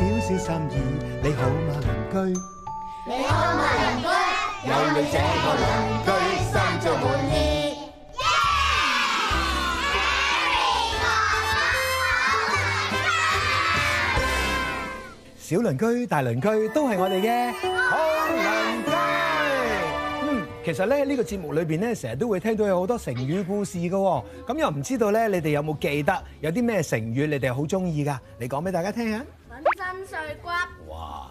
小小心意，你好嗎，鄰居？你好嗎，鄰居？有你這個鄰居，心中滿意。小 yeah! 鄰居，大鄰居，都係我哋嘅好鄰居。嗯，其實咧，呢個節目裏邊咧，成日都會聽到有好多成語故事噶。咁又唔知道咧，你哋有冇記得有啲咩成語你哋中意？你哋好中意噶你講俾大家聽下。粉身碎骨，哇！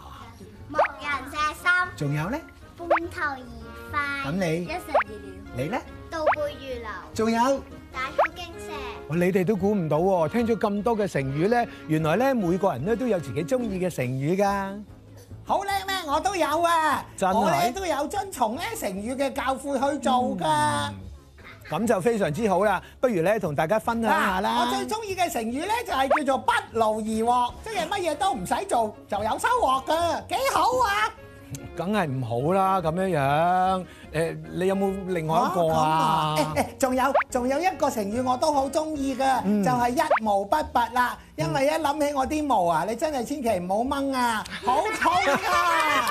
木人石心，仲有咧？半途而廢。咁你，一石二鳥。你咧？倒背如流。仲有？打草驚蛇。哇！你哋都估唔到喎，聽咗咁多嘅成語咧，原來咧每個人咧都有自己中意嘅成語噶。好叻咩？我都有啊！我咧都有遵從咧成語嘅教誨去做噶。咁就非常之好啦，不如咧同大家分享下啦。我最中意嘅成語咧就係叫做不勞而獲，即係乜嘢都唔使做就有收穫嘅，幾好啊！梗係唔好啦，咁樣樣。誒，你有冇另外一個啊？誒誒，仲有仲有一個成語我都好中意嘅，就係一毛不拔啦。因為一諗起我啲毛啊，你真係千祈唔好掹啊，好痛啊！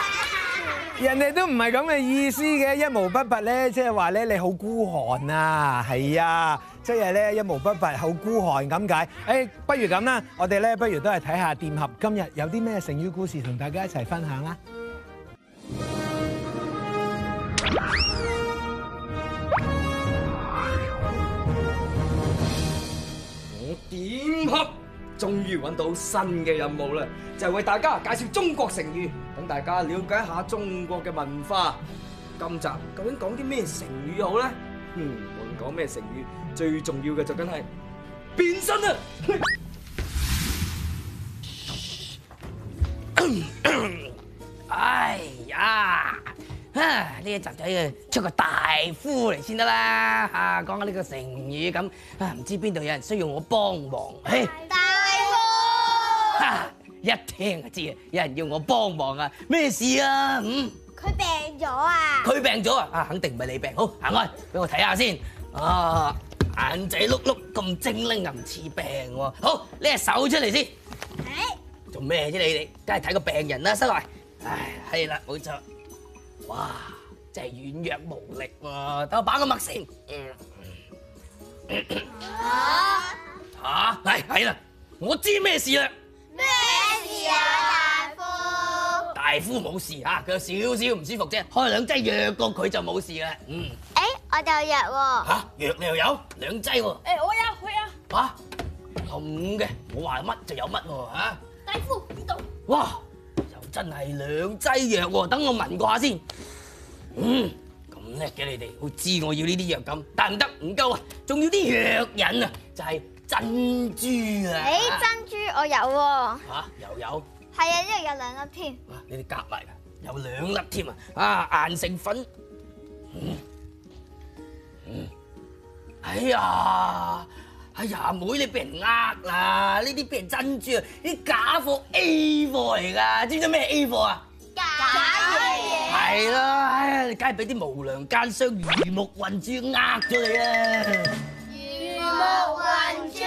人哋都唔係咁嘅意思嘅，一毛不拔咧，即係話咧你好孤寒啊，係啊，即係咧一毛不拔，好孤寒咁解。誒，不如咁啦，我哋咧不如都係睇下店俠今日有啲咩成語故事同大家一齊分享啦。我店終於揾到新嘅任務啦，就係為大家介紹中國成語，等大家瞭解一下中國嘅文化。今集究竟講啲咩成語好咧？嗯，無論講咩成語，最重要嘅就梗係變身啊！哎呀，哈，呢一集仔啊，出個大夫嚟先得啦。哈，講緊呢個成語咁啊，唔知邊度有人需要我幫忙，嘿。一聽就知啊！有人要我幫忙啊？咩事啊？嗯，佢病咗啊！佢病咗啊！啊，肯定唔係你病。好，行開，俾我睇下先。啊，眼仔碌碌咁精靈又唔似病喎。好，攞隻手出嚟先。睇。做咩啫你哋？梗係睇個病人啦，失禮。唉，係啦，冇錯。哇，真係軟弱無力喎。等我擺個脈先。嗯。啊？吓，係係啦，我知咩事啦。大夫冇事吓，佢有少少唔舒服啫，開兩劑藥過佢就冇事啦。嗯，誒，我就藥喎。吓，藥你又有兩劑喎。誒，我有，我有。吓，同嘅，我話乜就有乜喎。吓，大夫呢度。哇，又真係兩劑藥喎，等我聞過下先。嗯，咁叻嘅你哋，好知我要呢啲藥咁，但係唔得，唔夠啊，仲要啲藥引啊，就係珍珠啊。誒，珍珠我有喎。吓，又有。係啊，呢度有兩粒添。啊，呢啲夾埋噶，有兩粒添啊！啊，硬性粉。哎呀，哎呀，妹你俾人呃啦！呢啲俾人珍珠啊，啲假貨 A 貨嚟噶，知唔知咩 A 貨啊？假嘢！係咯，唉，你梗係俾啲無良奸商魚目混珠呃咗你啦！魚目混珠。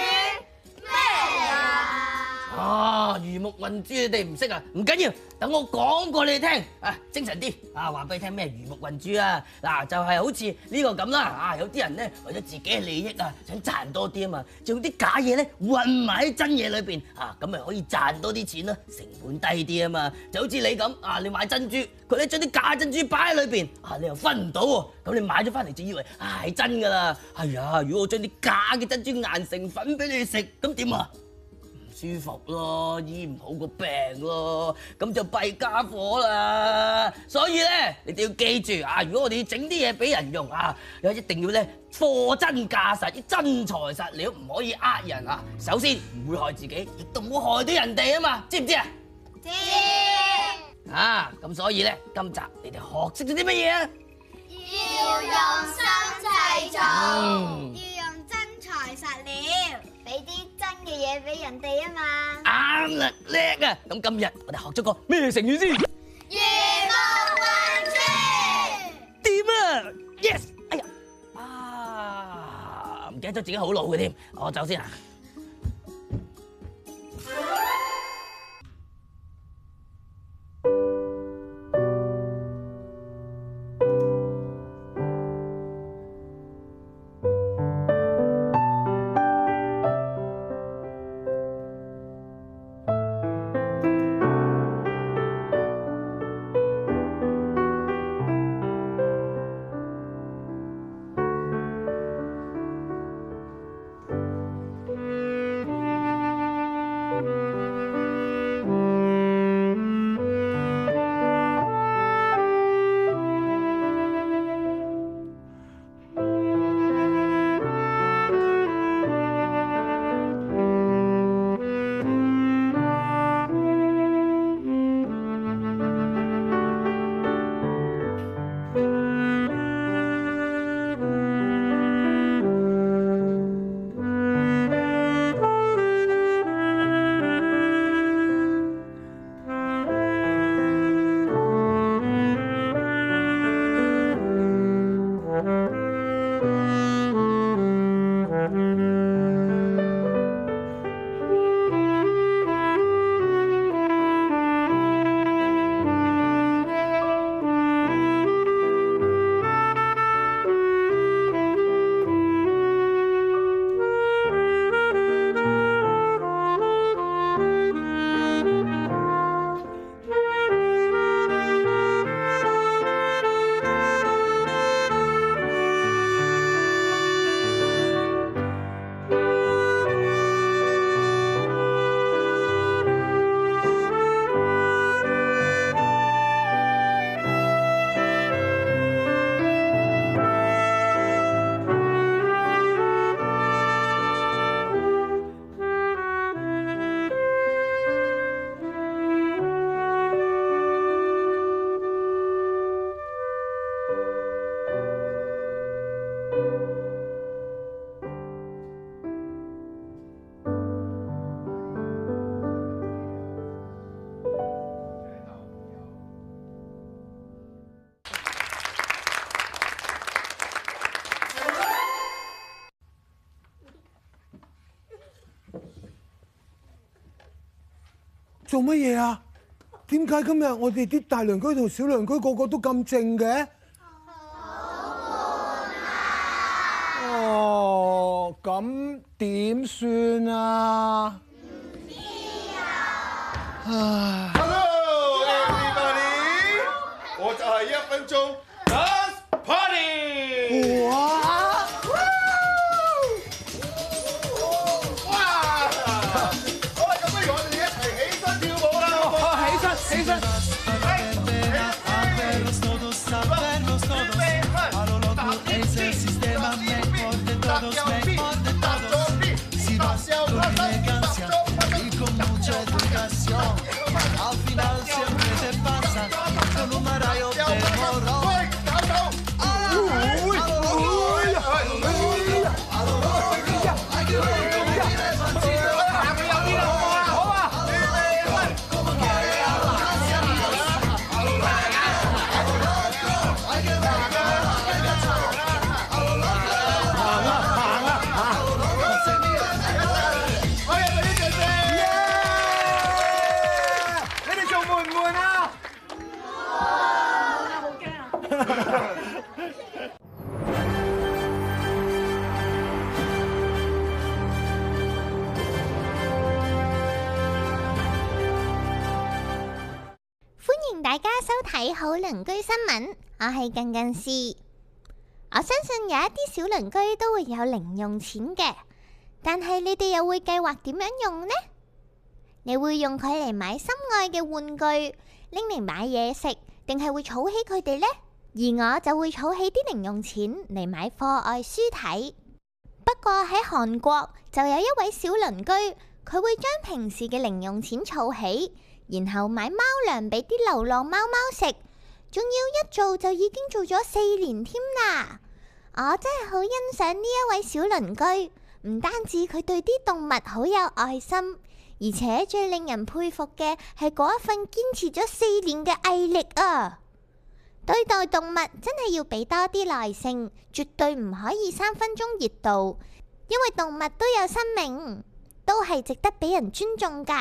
啊，魚目混珠你哋唔識啊？唔緊要，等我講過你哋聽啊！精神啲啊！話俾你聽咩？魚目混珠啊！嗱、啊，就係、是、好似呢個咁啦啊！有啲人咧為咗自己嘅利益啊，想賺多啲啊嘛，將啲假嘢咧混埋喺真嘢裏邊啊，咁咪可以賺多啲錢咯，啊，成本低啲啊嘛。就好似你咁啊，你買珍珠，佢咧將啲假珍珠擺喺裏邊啊，你又分唔到喎。咁你買咗翻嚟就以為係、啊、真㗎啦。係、哎、啊，如果我將啲假嘅珍珠研成粉俾你食，咁點啊？舒服咯，醫唔好個病咯，咁就弊家伙啦。所以咧，你哋要記住啊，如果我哋整啲嘢俾人用啊，又一定要咧貨真價實，要真材實料，唔可以呃人啊。首先唔會害自己，亦都唔會害到人哋啊嘛，知唔知啊？知，知。啊，咁所以咧，今集你哋學識咗啲乜嘢啊？要用心製造，嗯，要用真材實料，俾啲。嘅嘢俾人哋啊嘛，啱啦，叻啊！咁今日我哋學咗個咩成語先？如夢幻境，掂啊！Yes，哎呀，啊，唔記得咗自己好老嘅添，我走先啊！做乜嘢啊？點解今日我哋啲大良居同小良居個個都咁靜嘅？哦，咁點算啊？唉，Hello everybody，我就係一分鐘。好鄰居新聞，我係近近事。我相信有一啲小鄰居都會有零用錢嘅，但係你哋又會計劃點樣用呢？你會用佢嚟買心愛嘅玩具，拎嚟買嘢食，定係會儲起佢哋呢？而我就會儲起啲零用錢嚟買課外書睇。不過喺韓國就有一位小鄰居，佢會將平時嘅零用錢儲起，然後買貓糧俾啲流浪貓貓食。仲要一做就已經做咗四年添啦！我真係好欣賞呢一位小鄰居，唔單止佢對啲動物好有愛心，而且最令人佩服嘅係嗰一份堅持咗四年嘅毅力啊！對待動物真係要俾多啲耐性，絕對唔可以三分鐘熱度，因為動物都有生命，都係值得俾人尊重噶。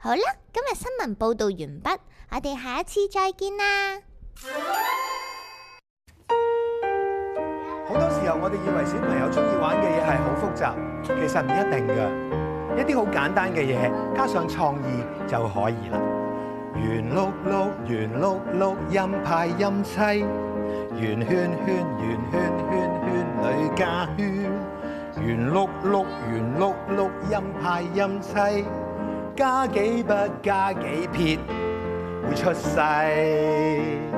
好啦，今日新聞報道完畢，我哋下一次再見啦！好多時候，我哋以為小朋友中意玩嘅嘢係好複雜，其實唔一定嘅。一啲好簡單嘅嘢，加上創意就可以啦。圓碌碌，圓碌碌，音派音妻；圓圈圈，圓圈圈圈，女家圈。圓碌碌，圓碌碌，音派音妻；加幾不加幾撇，會出世。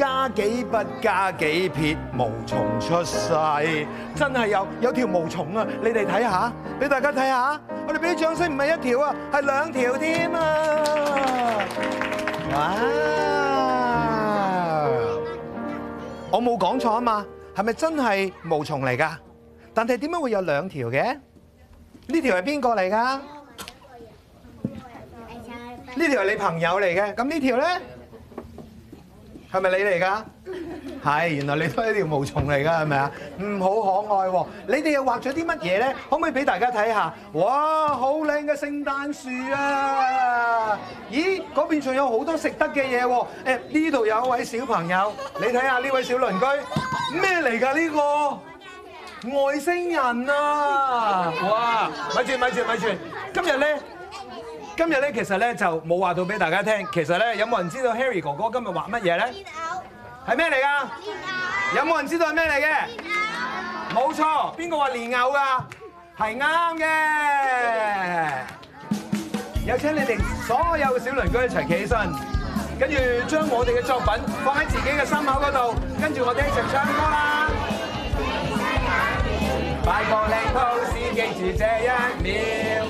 加幾筆加幾撇，毛蟲出世，真係有有條毛蟲啊！你哋睇下，俾大家睇下，我哋俾啲掌聲，唔係一條啊，係兩條添啊！哇！我冇講錯啊嘛，係咪真係毛蟲嚟㗎？但係點解會有兩條嘅？呢條係邊個嚟㗎？呢條係你朋友嚟嘅，咁呢條咧？係咪你嚟㗎？係， 原來你都係條毛蟲嚟㗎，係咪啊？唔 好可愛喎！你哋又畫咗啲乜嘢咧？ 可唔可以俾大家睇下？哇，好靚嘅聖誕樹啊！咦，嗰邊仲有好多食得嘅嘢喎！欸、呢度有一位小朋友，你睇下呢位小鄰居，咩嚟㗎？呢、呢個外星人啊！哇，咪住咪住咪住，今日咧～今日咧，其實咧就冇話到俾大家聽。其實咧，有冇人知道 Harry 哥哥今日畫乜嘢咧？蓮藕係咩嚟㗎？蓮藕有冇人知道係咩嚟嘅？蓮藕冇錯，邊個話蓮藕㗎？係啱嘅。有請你哋所有小鄰居一齊企起身，跟住將我哋嘅作品放喺自己嘅心口嗰度，跟住我哋一齊唱歌啦！快過令同事記住這一秒。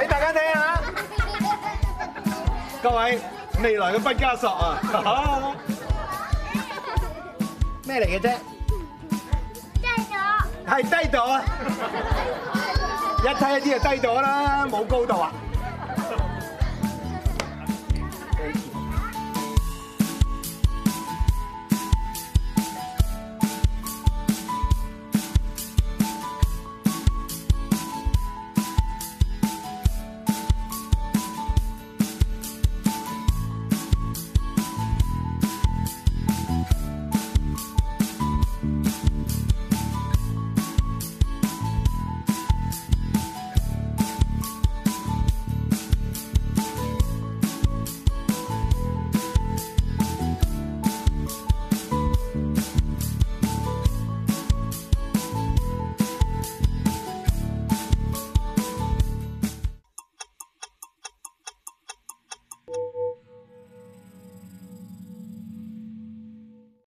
俾大家聽下，各位，未來嘅畢加索啊，好！咩嚟嘅啫？低咗！係，低咗啊！一睇一啲就低咗啦，冇高度啊！